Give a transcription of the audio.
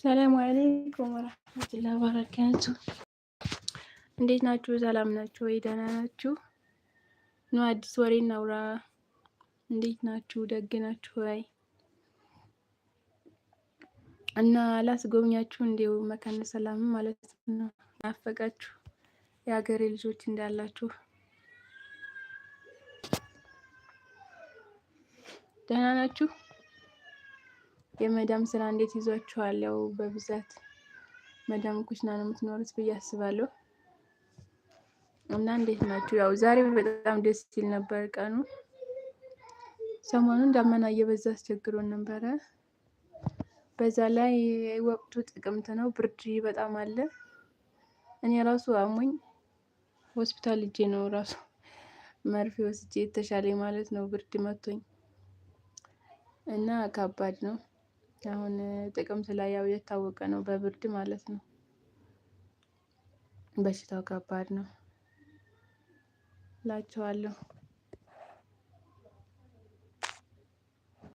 ሰላም አለይኩም ወራህመቱላሂ ወበረካቱ። እንዴት ናችሁ? ሰላም ናችሁ ወይ? ደህና ናችሁ? ኑ አዲስ ወሬ እናውራ። እንዴት ናችሁ? ደግ ናችሁ ወይ? እና ላስጎብኛችሁ እንዲሁ መካነ ሰላም ማለት ነው። ናፈቃችሁ የሀገሬ ልጆች እንዳላችሁ ደህና ናችሁ? የመዳም ስራ እንዴት ይዟችኋል? ያው በብዛት መዳም ኩሽና ነው የምትኖሩት ብዬ አስባለሁ። እና እንዴት ናችሁ? ያው ዛሬ በጣም ደስ ሲል ነበር ቀኑ። ሰሞኑን ዳመና እየበዛ አስቸግሮን ነበረ። በዛ ላይ ወቅቱ ጥቅምት ነው፣ ብርድ በጣም አለ። እኔ ራሱ አሞኝ ሆስፒታል እጄ ነው ራሱ መርፌ ወስጄ የተሻለ ማለት ነው ብርድ መቶኝ እና ከባድ ነው። አሁን ጥቅምት ላይ ያው የታወቀ ነው በብርድ ማለት ነው። በሽታው ከባድ ነው እላችኋለሁ።